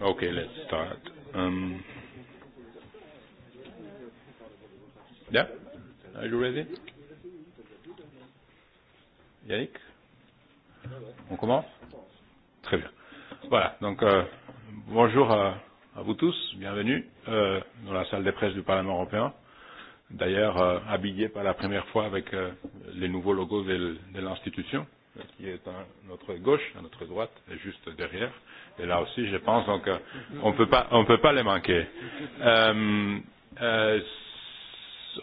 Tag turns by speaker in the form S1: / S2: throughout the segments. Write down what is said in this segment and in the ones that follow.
S1: Okay, let's start. Um, yeah? Are you ready? Yannick? On commence Très bien. Voilà, donc euh, bonjour à, à vous tous, bienvenue euh, dans la salle de presse du Parlement européen. D'ailleurs, euh, habillé par la première fois avec euh, les nouveaux logos de, de l'institution qui est à notre gauche, à notre droite, et juste derrière. Et là aussi, je pense euh, on peut pas, on peut pas les manquer. Euh, euh,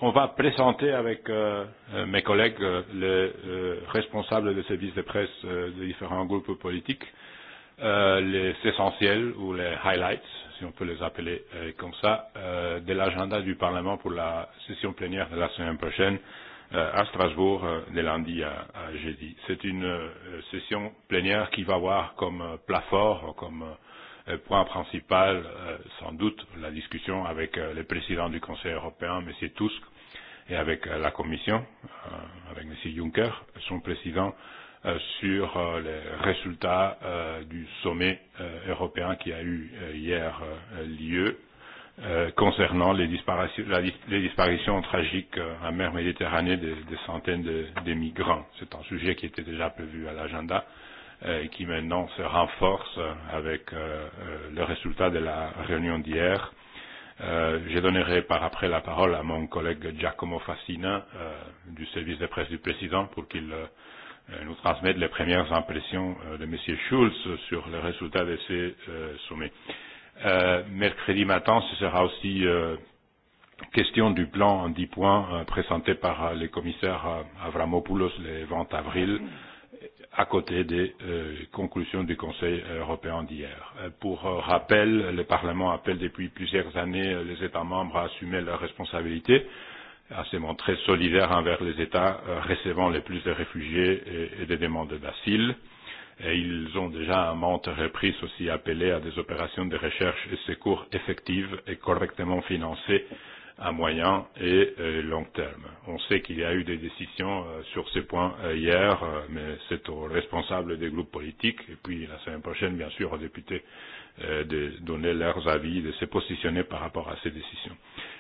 S1: on va présenter avec euh, euh mes collègues euh, les euh, responsables des services de presse euh, des différents groupes politiques euh, les essentiels ou les highlights, si on peut les appeler euh, comme ça, euh, de l'agenda du Parlement pour la session plénière de la semaine prochaine Euh, à Strasbourg de euh, lundi à, à jeudi. C'est une euh, session plénière qui va avoir comme plafort, comme point principal, sans doute, la discussion avec le président du Conseil européen, M. Tusk, et avec la Commission, avec M. Juncker, son président, sur les résultats du sommet européen qui a eu hier lieu euh, concernant les disparitions, la, les disparitions tragiques euh, en mer Méditerranée des de centaines de, de migrants. C'est un sujet qui était déjà prévu à l'agenda euh, et qui maintenant se renforce euh, avec euh, euh, le résultat de la réunion d'hier. Euh, je donnerai par après la parole à mon collègue Giacomo Fassina euh, du service de presse du président pour qu'il euh, nous transmette les premières impressions euh, de M. Schulz sur le résultat de ces euh, sommets. Euh, Euh, mercredi matin, ce sera aussi euh, question du plan en 10 points euh, présenté par euh, le commissaire euh, Avramopoulos le 20 avril, à côté des euh, conclusions du Conseil européen d'hier. Pour rappel, le Parlement appelle depuis plusieurs années les États membres à assumer leurs responsabilités, à se montrer solidaires envers les États recevant les plus de réfugiés et, et demandes d'asile et ils ont déjà à maintes reprises aussi appelé à des opérations de recherche et secours effectives et correctement financées à moyen et euh, long terme. On sait qu'il y a eu des décisions euh, sur ces points euh, hier, mais c'est aux responsables des groupes politiques et puis la semaine prochaine, bien sûr, aux députés de donner leurs avis, de se positionner par rapport à ces décisions.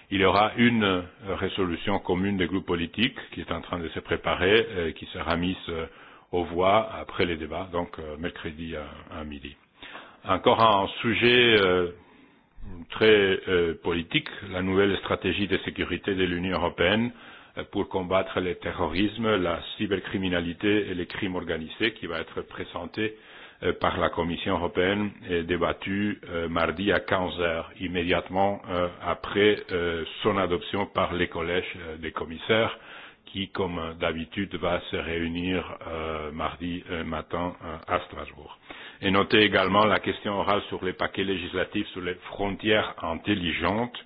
S1: Il y aura une résolution commune des groupes politiques qui est en train de se préparer, qui sera mise aux voix après les débats, donc euh, mercredi à, à midi. Encore un sujet euh, très euh, politique, la nouvelle stratégie de sécurité de l'Union européenne euh, pour combattre le terrorisme, la cybercriminalité et les crimes organisés qui va être présentée euh, par la Commission européenne et débattue mardi à 15 heures, immédiatement après son adoption par les collèges des commissaires qui, comme d'habitude, va se réunir euh, mardi euh, matin euh, à Strasbourg. Et notez également la question orale sur les paquets législatifs sur les frontières intelligentes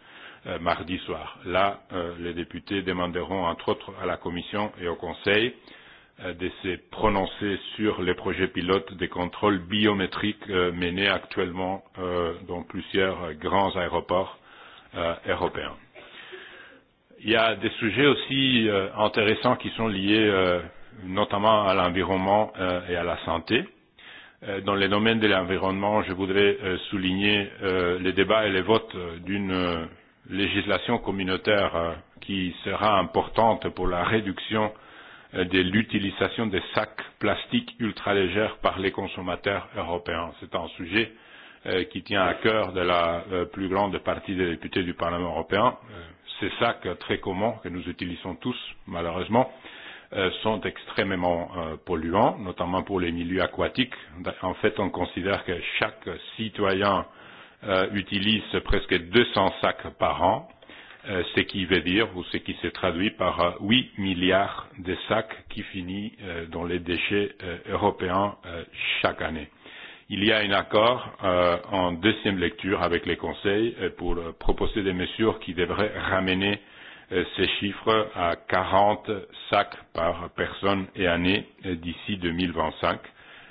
S1: euh, mardi soir. Là, euh, les députés demanderont, entre autres, à la Commission et au Conseil euh, de se prononcer sur les projets pilotes des contrôles biométriques menés actuellement dans plusieurs grands aéroports européens. Il y a des sujets aussi euh, intéressants qui sont liés euh, notamment à l'environnement euh, et à la santé. Euh, dans les domaines de l'environnement, je voudrais euh, souligner euh, les débats et les votes d'une législation communautaire qui sera importante pour la réduction de l'utilisation des sacs plastiques ultra légers par les consommateurs européens. C'est un sujet qui tient à cœur de la plus grande partie des députés du Parlement européen ces sacs très communs que nous utilisons tous, malheureusement, euh, sont extrêmement euh, polluants, notamment pour les milieux aquatiques. En fait, on considère que chaque citoyen euh, utilise presque 200 sacs par an, ce qui veut dire, ou ce qui se traduit par 8 milliards de sacs qui finissent dans les déchets européens chaque année il y a un accord euh, en deuxième lecture avec les conseils euh, pour euh, proposer des mesures qui devraient ramener euh, ces chiffres à 40 sacs par personne et année d'ici 2025.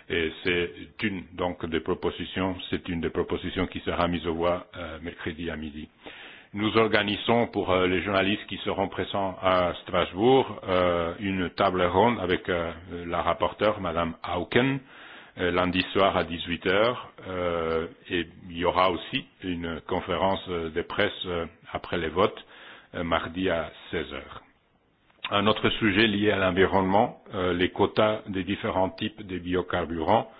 S1: Et c'est une donc des propositions, c'est une des propositions qui sera mise au voix euh, mercredi à midi. Nous organisons pour les journalistes qui seront présents à Strasbourg une table ronde avec la rapporteure, Madame Hauken, Euh, lundi soir à 18h euh, et il y aura aussi une conférence euh, de presse euh, après les votes mardi à 16h. Un autre sujet lié à l'environnement, euh, les quotas des différents types de biocarburants.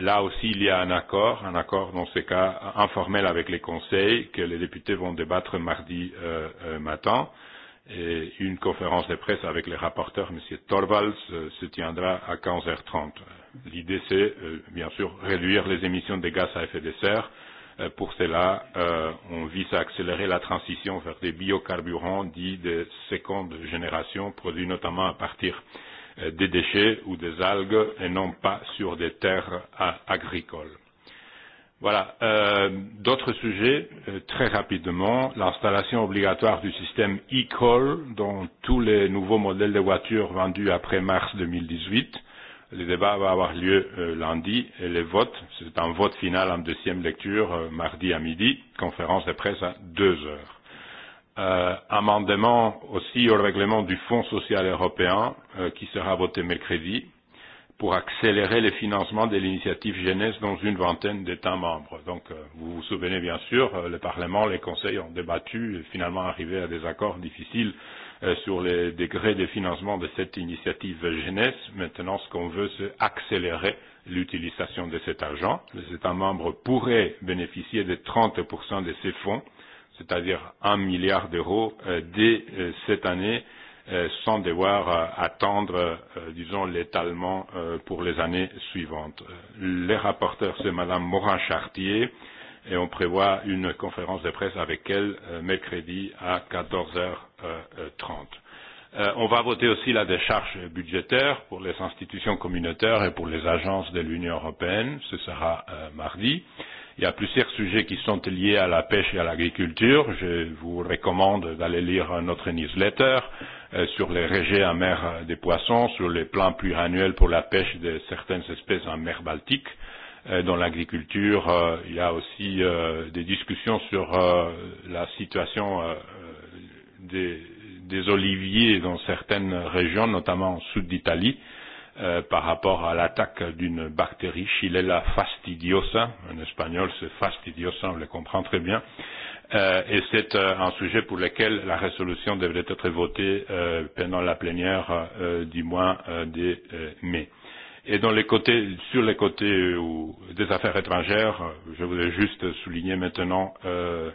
S1: Là aussi, il y a un accord, un accord dans ce cas informel avec les conseils que les députés vont débattre mardi euh, matin. Et une conférence de presse avec les rapporteurs, M. Torvalds, se tiendra à 15h30. L'idée, c'est euh, bien sûr réduire les émissions de gaz à effet de serre. Euh, pour cela, euh, on vise à accélérer la transition vers des biocarburants dits de seconde génération, produits notamment à partir des déchets ou des algues et non pas sur des terres agricoles. Voilà. Euh, D'autres sujets, euh, très rapidement, l'installation obligatoire du système e-call dans tous les nouveaux modèles de voitures vendus après mars 2018. Le débat va avoir lieu euh, lundi et les votes, c'est un vote final en deuxième lecture euh, mardi à midi, conférence de presse à deux heures. Euh, amendement aussi au règlement du Fonds social européen euh, qui sera voté mercredi pour accélérer le financement de l'initiative jeunesse dans une vingtaine d'États membres. Donc, euh, vous vous souvenez bien sûr, euh, le Parlement, les conseils ont débattu et finalement arrivé à des accords difficiles Euh, sur les degrés de financement de cette initiative jeunesse. Maintenant, ce qu'on veut, c'est accélérer l'utilisation de cet argent. Les États membres pourraient bénéficier de 30% de ces fonds, c'est-à-dire un milliard d'euros euh, dès euh, cette année, sans devoir attendre, disons, l'étalement pour les années suivantes. Les rapporteurs, c'est Madame Morin-Chartier, et on prévoit une conférence de presse avec elle mercredi à 14 heures trente. Euh, on va voter aussi la décharge budgétaire pour les institutions communautaires et pour les agences de l'Union européenne, ce sera euh, mardi. Il y a plusieurs sujets qui sont liés à la pêche et à l'agriculture. Je vous recommande d'aller lire notre newsletter euh, sur les régés en mer des poissons, sur les plans pluriannuels pour la pêche de certaines espèces en mer Baltique. Dans l'agriculture, il y a aussi des discussions sur la situation des, des oliviers dans certaines régions, notamment au sud d'Italie, euh, par rapport à l'attaque d'une bactérie, Chilella fastidiosa, en espagnol c'est fastidiosa, on le comprend très bien, euh, et c'est euh, un sujet pour lequel la résolution devrait être votée euh, pendant la plénière euh, du mois euh, de euh, mai. Et dans les côtés, sur les côtés euh, des affaires étrangères, euh, je voudrais juste souligner maintenant euh,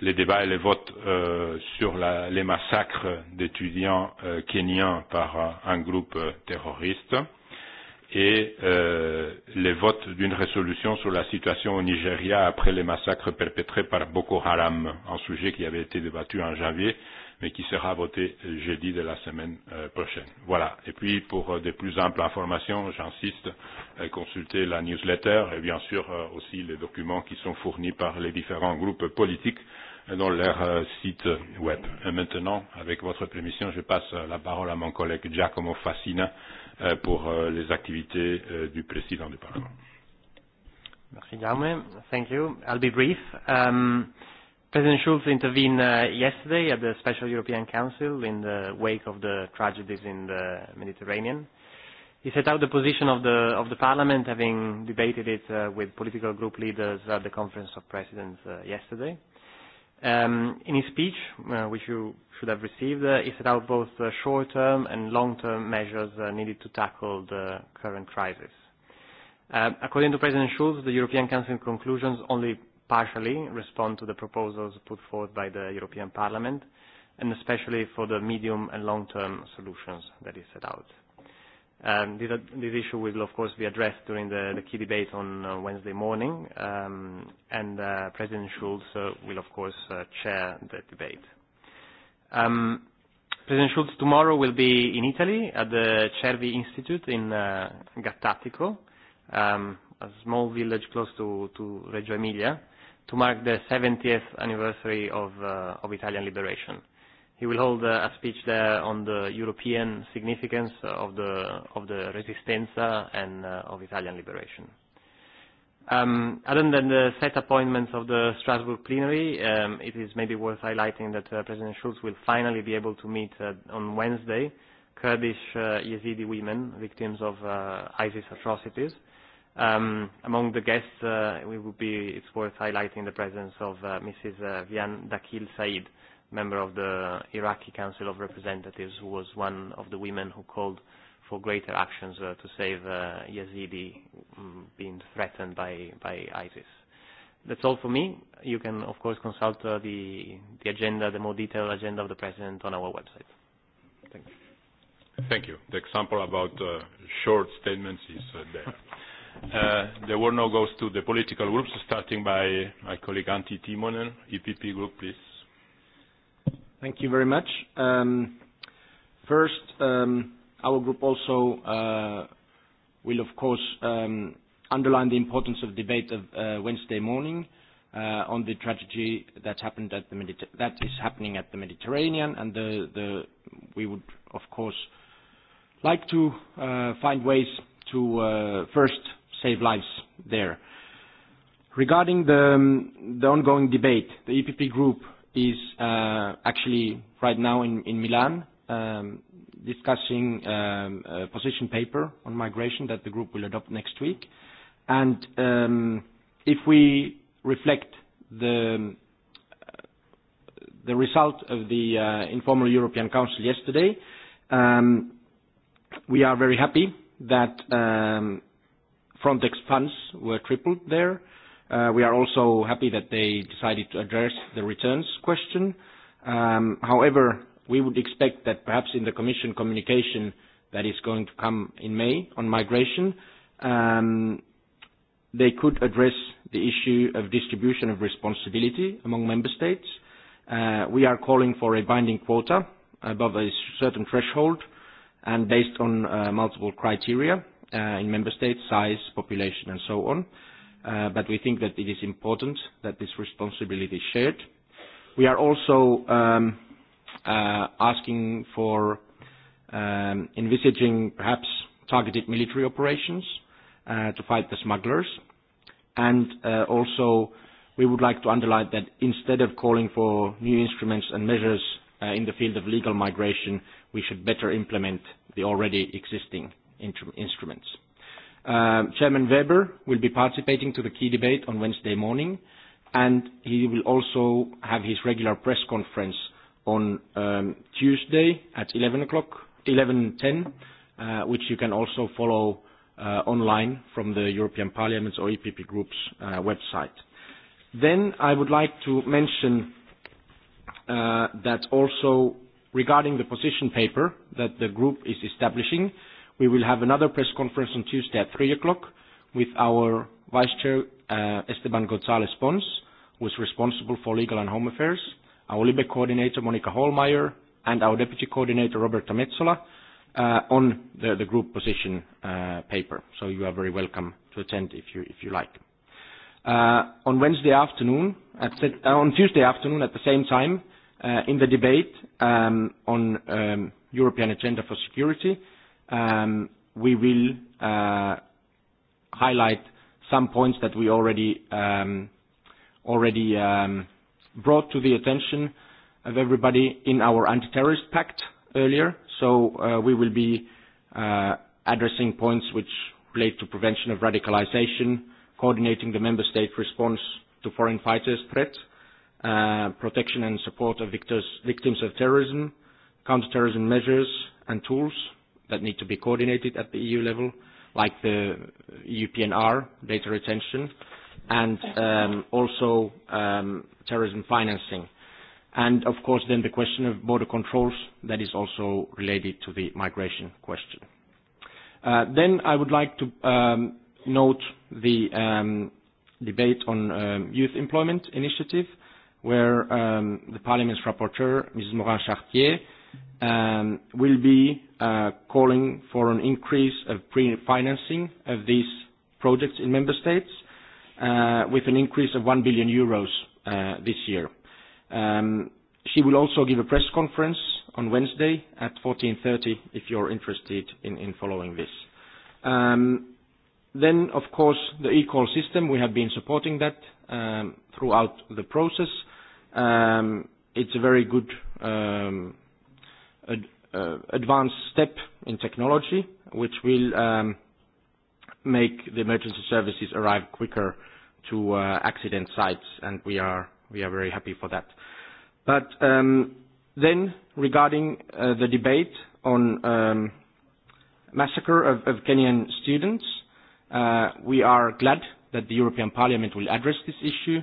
S1: les débats et les votes euh, sur la, les massacres d'étudiants euh, kenyans par euh, un, groupe euh, terroriste et euh, les votes d'une résolution sur la situation au Nigeria après les massacres perpétrés par Boko Haram, un sujet qui avait été débattu en janvier, mais qui sera voté jeudi de la semaine euh, prochaine. Voilà. Et puis, pour de plus amples informations, j'insiste, consultez la newsletter et bien sûr aussi les documents qui sont fournis par les différents groupes politiques dans leur euh, site web. Et maintenant, avec votre permission, je passe la parole à mon collègue Giacomo Fassina euh, pour euh, les activités du président du Parlement.
S2: Merci, Jaume. Thank you. I'll be brief. Um, President Schulz intervened uh, yesterday at the Special European Council in the wake of the tragedies in the Mediterranean. He set out the position of the, of the Parliament, having debated it uh, with political group leaders at the Conference of Presidents uh, yesterday. Um, in his speech, uh, which you should have received, uh, he set out both uh, short-term and long-term measures uh, needed to tackle the current crisis. Uh, according to President Schulz, the European Council conclusions only partially respond to the proposals put forth by the European Parliament, and especially for the medium and long-term solutions that he set out. Um, this, issue will, of course, be addressed during the, the key debate on uh, Wednesday morning, um, and uh, President Schulz uh, will, of course, chair the debate. Um, President Schulz tomorrow will be in Italy at the Cervi Institute in Gattatico, um, a small village close to, to Reggio Emilia, to mark the 70th anniversary of, of Italian liberation. He will hold a speech there on the European significance of the, of the Resistenza and uh, of Italian liberation. Um, other than the set appointments of the Strasbourg plenary, um, it is maybe worth highlighting that uh, President Schulz will finally be able to meet uh, on Wednesday Kurdish uh, Yazidi women, victims of uh, ISIS atrocities. Um, among the guests, uh, we would be, it's worth highlighting the presence of uh, Mrs. Uh, Vian Dakil Said, member of the Iraqi Council of Representatives who was one of the women who called for greater actions uh, to save uh, Yazidi mm, being threatened by, by ISIS. That's all for me. You can, of course, consult uh, the,
S1: the agenda, the more detailed agenda of the President on our website. Thank you. Thank you. The example about uh, short statements is uh, there. Uh, the word now goes to the political groups, starting by my colleague Antti Timonen, EPP group, please.
S3: Thank you very much. Um, first, um, our group also uh, will, of course, um, underline the importance of debate of uh, Wednesday morning uh, on the tragedy that happened at the that is happening at the Mediterranean, and the, the we would, of course, like to uh, find ways to uh, first save lives there. Regarding the, um, the ongoing debate, the EPP group is uh, actually right now in, in Milan um, discussing um, a position paper on migration that the group will adopt next week. And um, if we reflect the, the result of the uh, informal European Council yesterday, um, we are very happy that um, Frontex funds were tripled there. Uh, we are also happy that they decided to address the returns question. Um, however, we would expect that perhaps in the Commission communication that is going to come in May on migration, um, they could address the issue of distribution of responsibility among member states. Uh, we are calling for a binding quota above a certain threshold and based on uh, multiple criteria in member states, size, population, and so on. Uh, but we think that it is important that this responsibility is shared. We are also um, uh, asking for um, envisaging perhaps targeted military operations uh, to fight the smugglers. And uh, also, we would like to underline that instead of calling for new instruments and measures uh, in the field of legal migration, we should better implement the already existing instruments. Uh, Chairman Weber will be participating to the key debate on Wednesday morning, and he will also have his regular press conference on um, Tuesday at 11 o'clock, 11.10, uh, which you can also follow uh, online from the European Parliament's or EPP Group's uh, website. Then I would like to mention that also regarding the position paper that the group is establishing, We will have another press conference on Tuesday at three o'clock with our Vice Chair uh, Esteban González Pons, who is responsible for legal and home affairs, our LIBE coordinator Monica Holmeyer, and our deputy coordinator Roberta Metsola uh, on the, the group position uh, paper. So you are very welcome to attend if you, if you like. Uh, on Wednesday afternoon, at on Tuesday afternoon at the same time, uh, in the debate um, on um, European Agenda for Security, um, we will uh, highlight some points that we already um, already um, brought to the attention of everybody in our anti-terrorist pact earlier. So uh, we will be uh, addressing points which relate to prevention of radicalization, coordinating the member state response to foreign fighters threat, uh, protection and support of victims of terrorism, counterterrorism measures and tools, that need to be coordinated at the EU level, like the UPNR, data retention, and um, also um, terrorism financing. And of course then the question of border controls that is also related to the migration question. Uh, then I would like to um, note the um, debate on um, youth employment initiative where um, the Parliament's rapporteur, Ms. Morin-Chartier, um, will be uh, calling for an increase of pre-financing of these projects in member states uh, with an increase of 1 billion euros uh, this year. Um, she will also give a press conference on Wednesday at 14.30 if you're interested in, in following this. Um, then, of course, the e-call system, we have been supporting that um, throughout the process. Um, it's a very good um, Uh, advanced step in technology, which will um, make the emergency services arrive quicker to uh, accident sites, and we are we are very happy for that. But um, then, regarding uh, the debate on um, massacre of, Kenyan students, we are glad that the European Parliament will address this issue,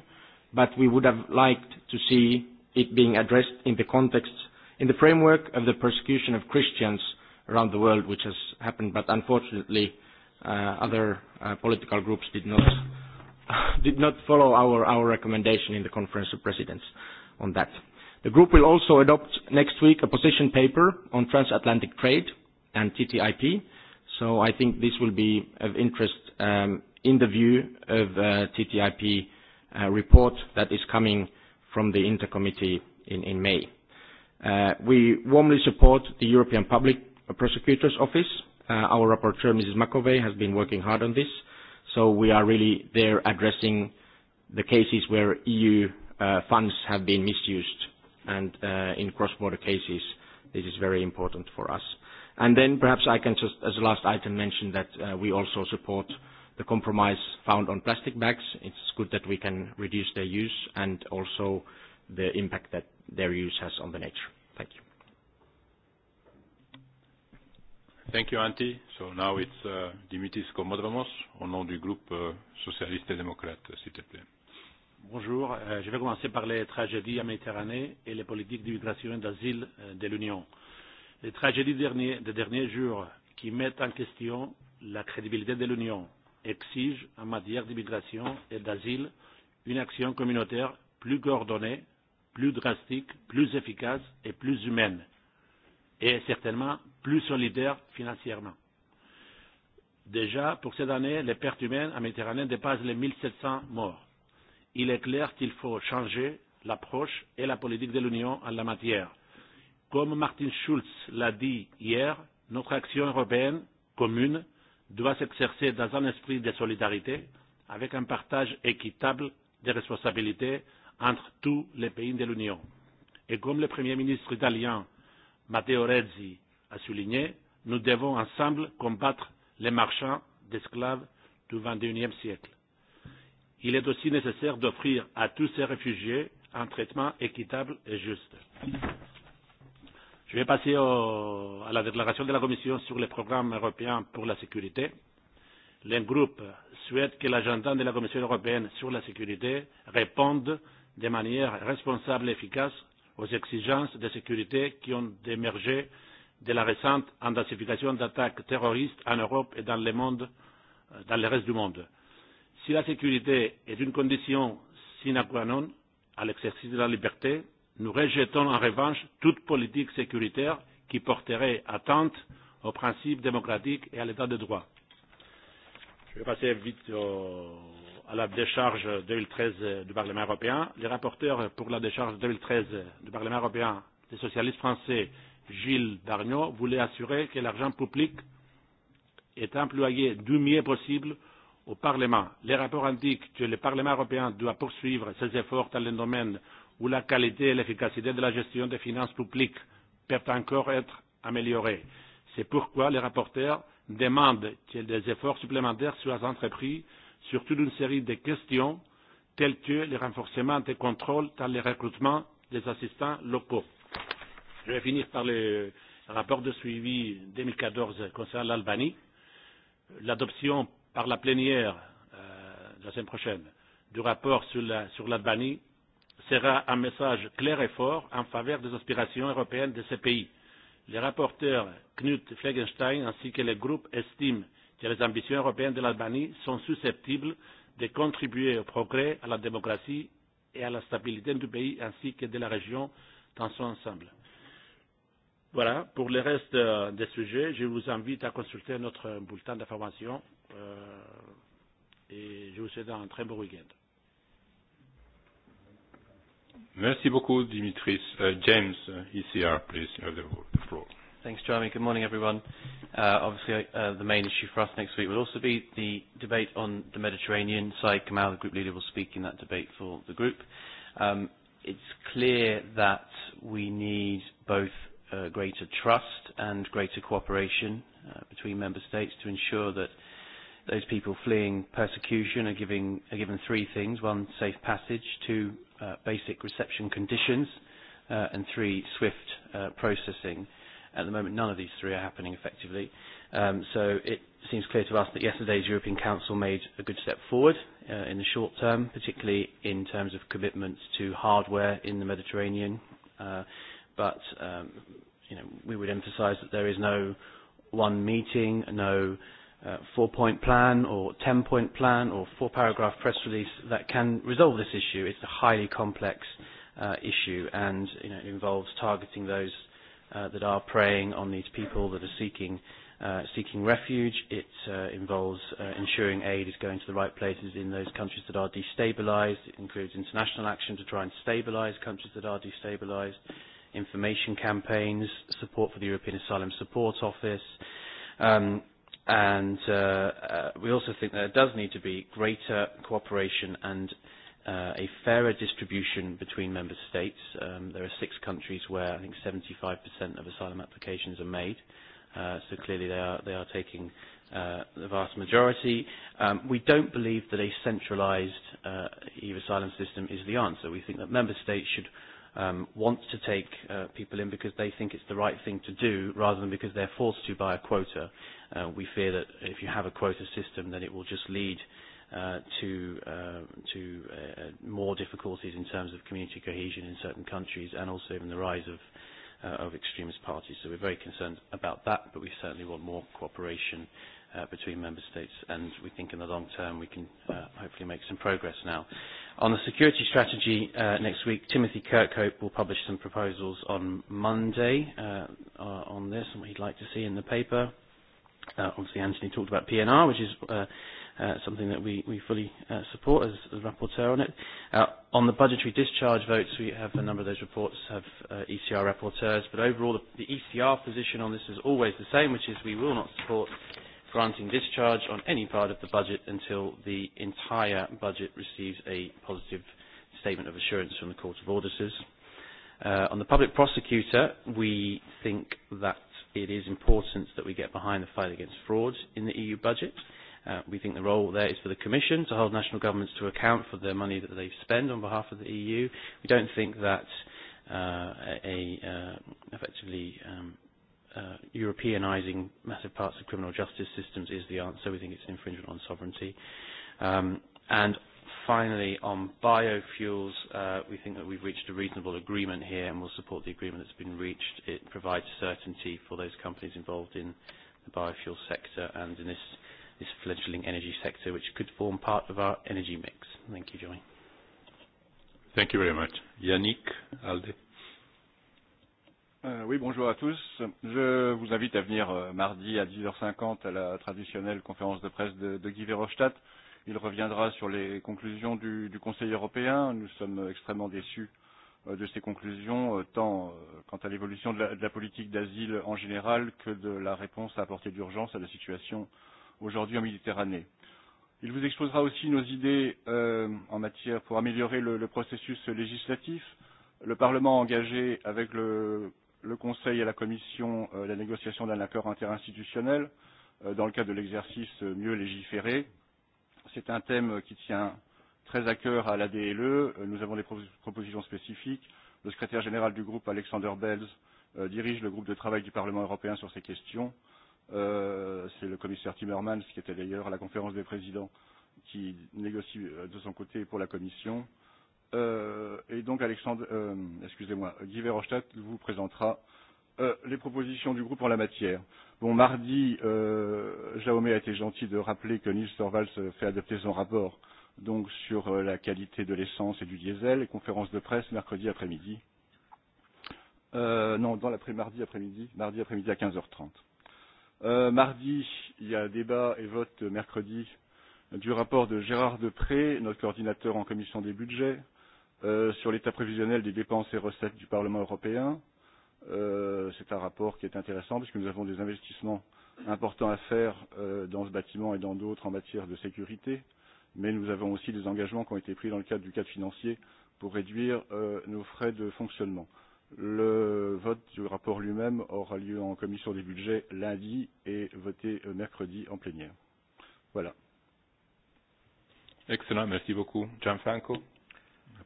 S3: but we would have liked to see it being addressed in the context In the framework of the persecution of Christians around the world, which has happened, but unfortunately uh, other uh, political groups did not did not follow our, our recommendation in the Conference of Presidents on that. The group will also adopt next week a position paper on transatlantic trade and TTIP, so I think this will be of interest um, in the view of uh, TTIP uh, report that is coming from the Intercommittee in, in May. Uh, we warmly support the European Public Prosecutor's Office. Uh, our rapporteur, Mrs. McAvey, has been working hard on this, so we are really there addressing the cases where EU uh, funds have been misused, and in cross-border cases, this is very important for us. And then perhaps I can just, as a last item, mention that we also support the compromise found on plastic bags. It's good that we can reduce their use and also the impact that their use has on the nature. Thank you.
S1: Thank you, Antti. So now it's uh, Dimitris Komodromos au nom du groupe euh, socialiste et démocrate, s'il te plaît.
S4: Bonjour, euh, je vais commencer par les tragédies méditerranéennes Méditerranée et les politiques d'immigration et d'asile euh, de l'Union. Les tragédies derniers, des derniers jours qui mettent en question la crédibilité de l'Union exigent en matière d'immigration et d'asile une action communautaire plus coordonnée plus drastique, plus efficace et plus humaine, et certainement plus solidaire financièrement. Déjà, pour cette année, les pertes humaines en Méditerranée dépassent les 1700 morts. Il est clair qu'il faut changer l'approche et la politique de l'Union en la matière. Comme Martin Schulz l'a dit hier, notre action européenne commune doit s'exercer dans un esprit de solidarité, avec un partage équitable des responsabilités entre tous les pays de l'Union. Et comme le Premier ministre italien Matteo Rezzi a souligné, nous devons ensemble combattre les marchands d'esclaves du XXIe siècle. Il est aussi nécessaire d'offrir à tous ces réfugiés un traitement équitable et juste. Je vais passer au, à la déclaration de la Commission sur le programmes européens pour la sécurité. Le groupe souhaite que l'agenda de la Commission européenne sur la sécurité réponde de manière responsable et efficace aux exigences de sécurité qui ont émergé de la récente intensification d'attaques terroristes en Europe et dans le, monde, euh, dans le reste du monde. Si la sécurité est une condition sine qua non à l'exercice de la liberté, nous rejetons en revanche toute politique sécuritaire qui porterait atteinte aux principes démocratiques et à l'état de droit. Je vais passer vite au à la décharge 2013 du Parlement européen. Les rapporteurs pour la décharge 2013 du Parlement européen, les socialistes français Gilles Darnaud, voulaient assurer que l'argent public est employé du mieux possible au Parlement. Les rapports indiquent que le Parlement européen doit poursuivre ses efforts dans le domaine où la qualité et l'efficacité de la gestion des finances publiques peuvent encore être améliorées. C'est pourquoi les rapporteurs demandent que des efforts supplémentaires soient entrepris sur toute une série de questions telles que le renforcement des contrôles dans le recrutement des assistants locaux. Je vais finir par le rapport de suivi 2014 concernant l'Albanie. L'adoption par la plénière euh, la semaine prochaine du rapport sur l'Albanie la, sur sera un message clair et fort en faveur des aspirations européennes de ces pays. Les rapporteurs Knut Flegenstein ainsi que le groupe estiment que les ambitions européennes de l'Albanie sont susceptibles de contribuer au progrès, à la démocratie et à la stabilité du pays ainsi que de la région dans son ensemble. Voilà, pour le reste euh, des sujets, je vous invite à consulter notre bulletin d'information euh, et je vous souhaite un très beau week-end.
S1: Merci beaucoup, Dimitris. Euh, uh, James, ECR, please, you have the floor. Thanks, Jeremy. Good morning, everyone.
S5: Uh, obviously, uh, the main issue for us next week will also be the debate on the Mediterranean side. Kamal, the group leader, will speak in that debate for the group. Um, it's clear that we need both uh, greater trust and greater cooperation uh, between member states to ensure that those people fleeing persecution are, giving, are given three things. One, safe passage. Two, uh, basic reception conditions. Uh, and three, swift uh, processing. At the moment, none of these three are happening effectively. Um, so it seems clear to us that yesterday's European Council made a good step forward uh, in the short term, particularly in terms of commitments to hardware in the Mediterranean. Uh, but um, you know, we would emphasize that there is no one meeting, no uh, four-point plan or ten-point plan or four-paragraph press release that can resolve this issue. It's a highly complex uh, issue, and you know, it involves targeting those uh, that are preying on these people that are seeking uh, seeking refuge. It uh, involves uh, ensuring aid is going to the right places in those countries that are destabilized. It includes international action to try and stabilize countries that are destabilized, information campaigns, support for the European Asylum Support Office. Um, and uh, uh, we also think that there does need to be greater cooperation and Uh, a fairer distribution between member states. Um, there are six countries where I think 75% of asylum applications are made. Uh, so clearly they are, they are taking uh, the vast majority. Um, we don't believe that a centralized uh, EU asylum system is the answer. We think that member states should um, want to take uh, people in because they think it's the right thing to do rather than because they're forced to by a quota. Uh, we fear that if you have a quota system, then it will just lead uh, Uh, to uh, to uh, more difficulties in terms of community cohesion in certain countries and also even the rise of uh, of extremist parties. So we're very concerned about that, but we certainly want more cooperation uh, between member states, and we think in the long term we can uh, hopefully make some progress now. On the security strategy uh, next week, Timothy Kirkhope will publish some proposals on Monday uh, uh on this and what he'd like to see in the paper. Uh, obviously, Anthony talked about PNR, which is uh, uh, something that we, we fully uh, support as, as rapporteur on it. Uh, on the budgetary discharge votes, we have a number of those reports have uh, ECR rapporteurs, but overall the, the ECR position on this is always the same, which is we will not support granting discharge on any part of the budget until the entire budget receives a positive statement of assurance from the Court of Auditors. Uh, on the public prosecutor, we think that it is important that we get behind the fight against fraud in the EU budget. Uh, we think the role there is for the Commission to hold national governments to account for the money that they spend on behalf of the EU. We don't think that uh, a uh, effectively um, uh, Europeanizing massive parts of criminal justice systems is the answer. We think it's infringement on sovereignty. Um, and finally, on biofuels, uh, we think that we've reached a reasonable agreement here and will support the agreement that's been reached. It provides certainty for those companies involved in the biofuel sector and in this this fledgling energy sector, which could form part of our energy
S1: mix. Thank you, Joey. Thank you very much.
S6: Yannick Alde. Euh, oui, bonjour à tous. Je vous invite à venir euh, mardi à 10h50 à la traditionnelle conférence de presse de, de Guy Verhofstadt. Il reviendra sur les conclusions du, du Conseil européen. Nous sommes extrêmement déçus euh, de ces conclusions, euh, tant quant à l'évolution de, de, la politique d'asile en général que de la réponse à apporter d'urgence à la situation aujourd'hui en Méditerranée. Il vous exposera aussi nos idées euh, en matière pour améliorer le, le processus législatif. Le Parlement a engagé avec le, le Conseil et la Commission euh, la négociation d'un accord interinstitutionnel euh, dans le cadre de l'exercice euh, mieux légiféré. C'est un thème qui tient très à cœur à la DLE. Euh, nous avons des propositions spécifiques. Le secrétaire général du groupe, Alexander Belz, euh, dirige le groupe de travail du Parlement européen sur ces questions. Euh, c'est le commissaire Timmermans, qui était d'ailleurs à la conférence des présidents, qui négocie euh, de son côté pour la Commission. Euh, et donc, Alexandre, euh, excusez-moi, Guy Verhofstadt vous présentera euh, les propositions du groupe en la matière. Bon, mardi, euh, Jaume a été gentil de rappeler que Nils Torvalds fait adopter son rapport donc sur euh, la qualité de l'essence et du diesel, et conférence de presse mercredi après-midi. Euh, non, dans l'après-mardi après-midi, mardi après-midi à 15h30. Euh, mardi, il y a débat et vote mercredi euh, du rapport de Gérard Depré, notre coordinateur en commission des budgets, euh, sur l'état prévisionnel des dépenses et recettes du Parlement européen. Euh, C'est un rapport qui est intéressant puisque nous avons des investissements importants à faire euh, dans ce bâtiment et dans d'autres en matière de sécurité, mais nous avons aussi des engagements qui ont été pris dans le cadre du cadre financier pour réduire euh, nos frais de fonctionnement. Le vote du rapport lui-même aura lieu en commission des budgets lundi et voté euh, mercredi en plénière. Voilà.
S1: Excellent, merci beaucoup. Gianfranco,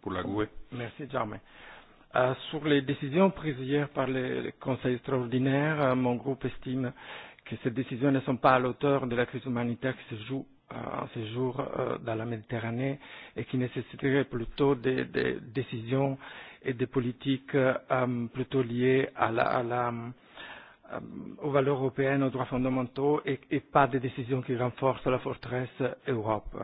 S1: pour la GUE.
S7: Merci, Germain. Euh, sur les décisions prises hier par le Conseil extraordinaire, euh, mon groupe estime que ces décisions ne sont pas à l'auteur de la crise humanitaire qui se joue euh, en ce jour euh, dans la Méditerranée et qui nécessiterait plutôt des, des décisions et des politiques euh, plutôt liées à la, à la, euh, aux valeurs européennes, aux droits fondamentaux et, et pas des décisions qui renforcent la forteresse Europe.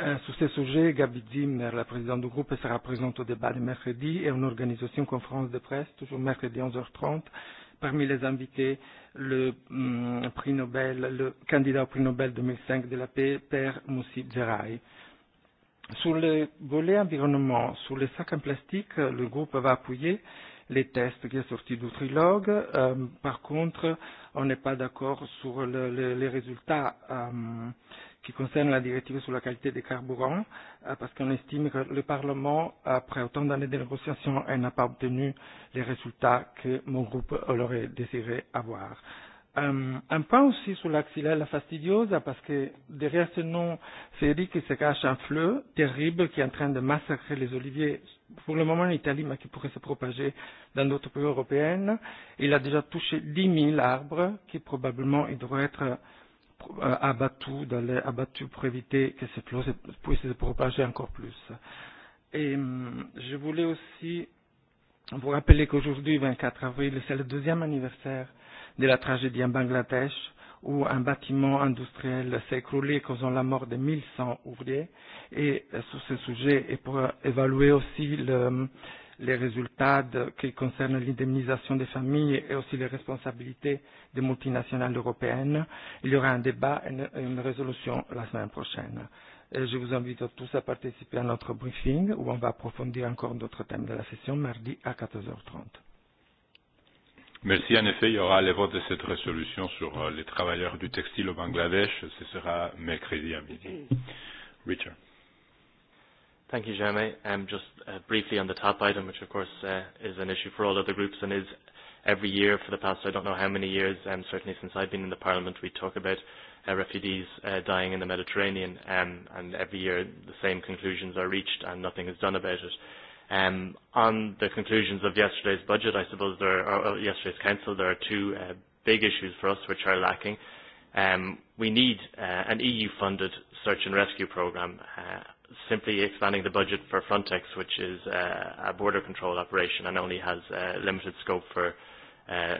S7: Euh, sur ce sujet, Gabi Zimmer, la présidente du groupe, sera présente au débat de mercredi et on organise aussi une conférence de presse, toujours mercredi 11h30. Parmi les invités, le prix Nobel, le candidat au prix Nobel 2005 de la paix, Père Moussi Zeraï. Sur le volet environnement, sur les sacs en plastique, le groupe va appuyer les tests qui sont sortis du trilogue. Euh, par contre, on n'est pas d'accord sur le, le, les résultats euh, qui concernent la directive sur la qualité des carburants, euh, parce qu'on estime que le Parlement, après autant d'années de négociations, n'a pas obtenu les résultats que mon groupe aurait désiré avoir. Euh, un point aussi sur l'axillaire fastidiosa, parce que derrière ce nom qu'il se cache un fleu terrible qui est en train de massacrer les oliviers, pour le moment en Italie, mais qui pourrait se propager dans d'autres pays européens. Il a déjà touché 10 000 arbres qui probablement ils devraient être abattus, euh, abattus pour éviter que ce flot puisse se propager encore plus. Et je voulais aussi vous rappeler qu'aujourd'hui, 24 avril, c'est le deuxième anniversaire de la tragédie en Bangladesh, où un bâtiment industriel s'est écroulé causant la mort de 1100 ouvriers. Et euh, sur ce sujet, et pour euh, évaluer aussi le, les résultats de, qui concernent l'indemnisation des familles et aussi les responsabilités des multinationales européennes, il y aura un débat et une, une résolution la semaine prochaine. Et euh, je vous invite tous à participer à notre briefing où on va approfondir encore d'autres thèmes de la session mardi à 14h30.
S1: Merci. En effet, il y aura le vote de cette résolution sur euh, les travailleurs du textile au Bangladesh. Ce sera mercredi à midi. Mm. Richard.
S8: Thank you, Jeremy. Um, just uh, briefly on the top item, which of course uh, is an issue for all other groups and is every year for the past, I don't know how many years, um, certainly since I've been in the Parliament, we talk about uh, refugees uh, dying in the Mediterranean um, and every year the same conclusions are reached and nothing is done about it. Um, on the conclusions of yesterday's budget, I suppose there are, or yesterday's council, there are two uh, big issues for us which are lacking. Um, we need uh, an EU-funded search and rescue program. Uh, simply expanding the budget for Frontex, which is uh, a border control operation and only has uh, limited scope for uh, uh,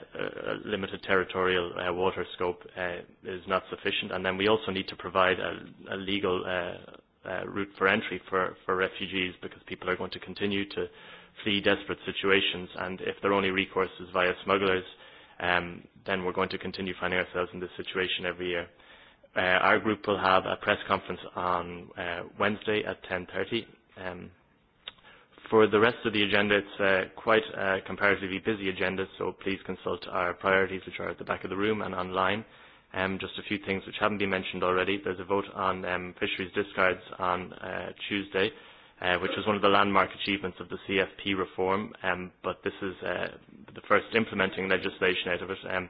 S8: limited territorial uh, water scope, uh, is not sufficient. And then we also need to provide a, a legal uh, uh, route for entry for, for refugees because people are going to continue to flee desperate situations and if their only recourse is via smugglers, um, then we're going to continue finding ourselves in this situation every year. Uh, our group will have a press conference on uh, Wednesday at 10.30. Um, for the rest of the agenda, it's uh, quite a comparatively busy agenda, so please consult our priorities, which are at the back of the room and online. Um, just a few things which haven't been mentioned already. There's a vote on um, fisheries discards on uh, Tuesday, uh, which was one of the landmark achievements of the CFP reform, um, but this is uh, the first implementing legislation out of it. Um,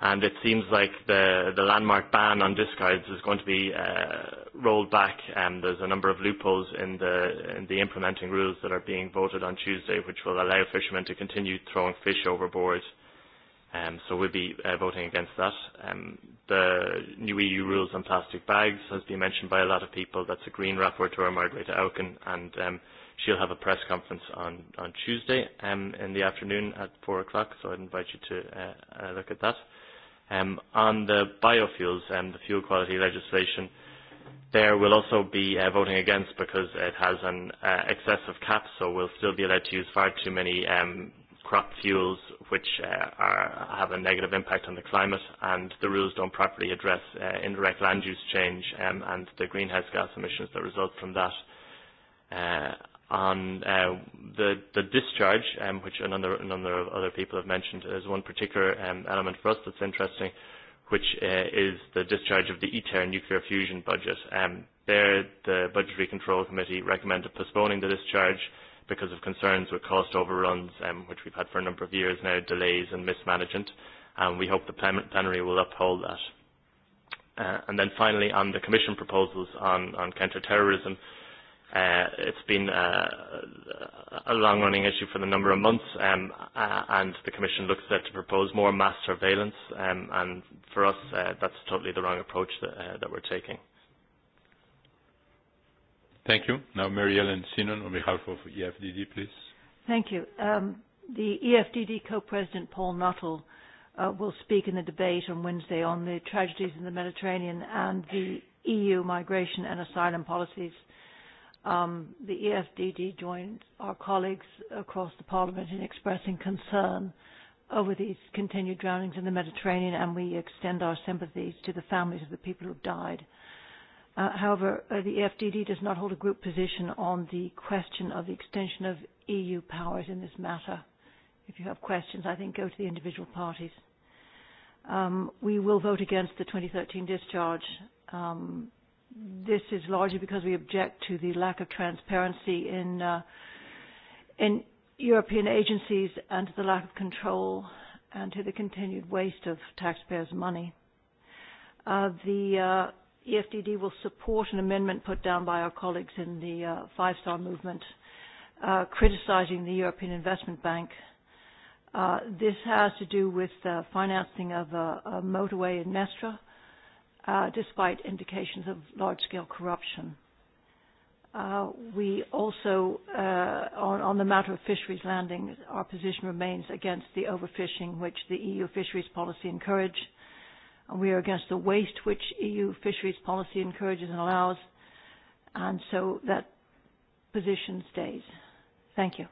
S8: and it seems like the, the landmark ban on discards is going to be uh, rolled back. Um, there's a number of loopholes in the, in the implementing rules that are being voted on Tuesday, which will allow fishermen to continue throwing fish overboard Um, so we'll be uh, voting against that. Um, the new EU rules on plastic bags has been mentioned by a lot of people. That's a green rapporteur, Margaret Auken, and um, she'll have a press conference on, on Tuesday um, in the afternoon at 4 o'clock, so I'd invite you to uh, uh, look at that. Um, on the biofuels and the fuel quality legislation, there will also be uh, voting against because it has an uh, excessive cap, so we'll still be allowed to use far too many um, crop fuels which uh, are, have a negative impact on the climate and the rules don't properly address uh, indirect land use change um, and the greenhouse gas emissions that result from that. Uh, on uh, the, the discharge, um, which a number, a number of other people have mentioned, is one particular um, element for us that's interesting, which uh, is the discharge of the ITER e nuclear fusion budget. Um, there, the Budgetary Control Committee recommended postponing the discharge because of concerns with cost overruns, um, which we've had for a number of years now, delays and mismanagement. And we hope the plenary will uphold that. Uh, and then finally, on the Commission proposals on, on counter-terrorism, uh, it's been uh, a long-running issue for the number of months, um, and the Commission looks set to propose more mass surveillance, um, and for us, uh, that's
S1: totally the wrong approach that, uh, that we're taking. Thank you. Now Mary Ellen Sinon on behalf of EFDD, please.
S9: Thank you. Um, the EFDD co-president, Paul Nuttall, uh, will speak in the debate on Wednesday on the tragedies in the Mediterranean and the EU migration and asylum policies. Um, the EFDD joins our colleagues across the Parliament in expressing concern over these continued drownings in the Mediterranean, and we extend our sympathies to the families of the people who have died. Uh, however, uh, the EFDD does not hold a group position on the question of the extension of EU powers in this matter. If you have questions, I think go to the individual parties. Um, we will vote against the 2013 discharge. Um, this is largely because we object to the lack of transparency uh, in, European agencies and to the lack of control and to the continued waste of taxpayers' money. the EFDD will support an amendment put down by our colleagues in the uh, Five Star Movement uh, criticizing the European Investment Bank. Uh, this has to do with uh, financing of a, a motorway in Mestra, uh, despite indications of large-scale corruption. Uh, we also, uh, on, on the matter of fisheries landing, our position remains against the overfishing which the EU fisheries policy encouraged We are against the waste which EU fisheries policy encourages and allows, and so that position stays. Thank you.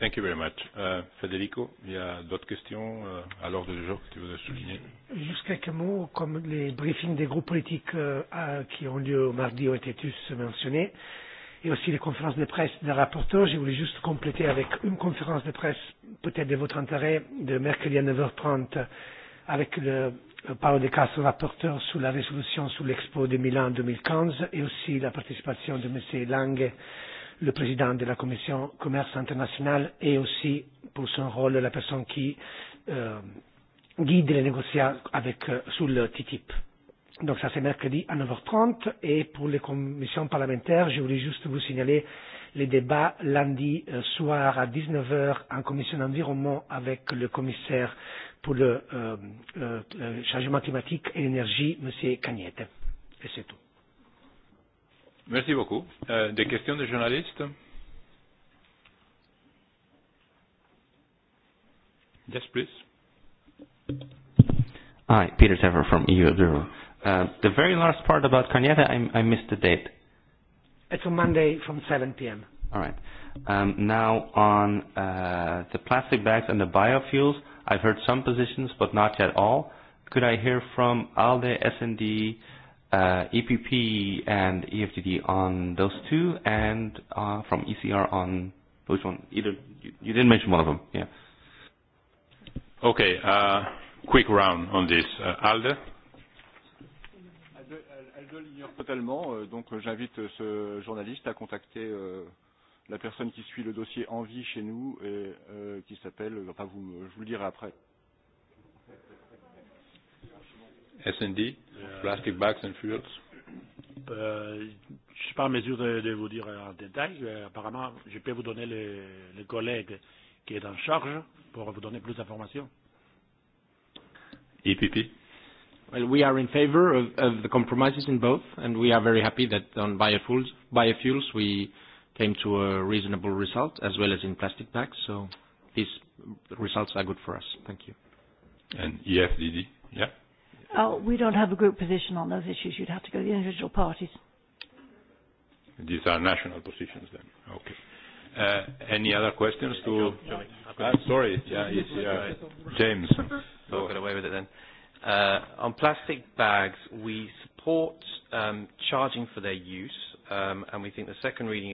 S1: Thank you very much. Uh, Federico, il y a d'autres questions euh, à l'ordre du jour que tu veux souligner
S9: Juste
S10: quelques mots, comme les briefings des groupes politiques euh, qui ont lieu mardi ont été tous mentionnés, et aussi les conférences de presse des rapporteurs. Je voulais juste compléter avec une conférence de presse, peut-être de votre intérêt, de mercredi à 9h30 avec le, par de Castro, rapporteur sur la résolution sur l'Expo de Milan 2015 et aussi la participation de M. Lange, le président de la Commission Commerce International et aussi pour son rôle la personne qui euh, guide les négociations avec, euh, sur le TTIP. Donc ça c'est mercredi à 9h30 et pour les commissions parlementaires, je voulais juste vous signaler les débats lundi euh, soir à 19h en commission d'environnement avec le commissaire pour le euh, euh, changement climatique et l'énergie, M. Cagnette. Et c'est tout.
S1: Merci beaucoup. Euh, des questions des journalistes Yes, please.
S8: Hi, Peter Sever from EU Observer. Uh, the very last part about Cagnette, I, I missed the date.
S10: It's on Monday from 7 p.m.
S8: All right. Um, now on uh, the plastic bags and the biofuels, I've heard some positions, but not yet all. Could I hear from ALDE, SND, uh, EPP, and EFTD on those two, and uh, from ECR on which one? Either you, you didn't mention
S1: one of them. Yeah. Okay. Uh, quick round on this. Uh, ALDE.
S6: ALDE l'ignore totalement, donc j'invite ce journaliste à contacter. Euh la personne qui suit le dossier en vie chez nous et euh, qui s'appelle, enfin vous, je vous le dirai après.
S1: S&D, euh, Plastic Bags and Fuels.
S6: Euh, je ne suis pas en
S4: mesure de, de vous dire en détail. Euh, apparemment, je peux vous donner le, le collègue qui est en charge pour vous donner plus d'informations.
S1: EPP.
S3: Well, we are in favor of, of the compromises in both, and we are very happy that on biofuels, biofuels we came to a reasonable result, as well as in plastic bags. So these results are good for us. Thank you.
S1: And EFDD? Yeah.
S9: Oh, we don't have a group position on those issues. You'd have to go to the individual parties.
S1: These are national positions then. Okay. Uh, any other questions to... sorry, yeah, it's, uh, James. So away with it then. Uh,
S5: on plastic bags, we support um, charging for their use, um,
S2: and we think the second reading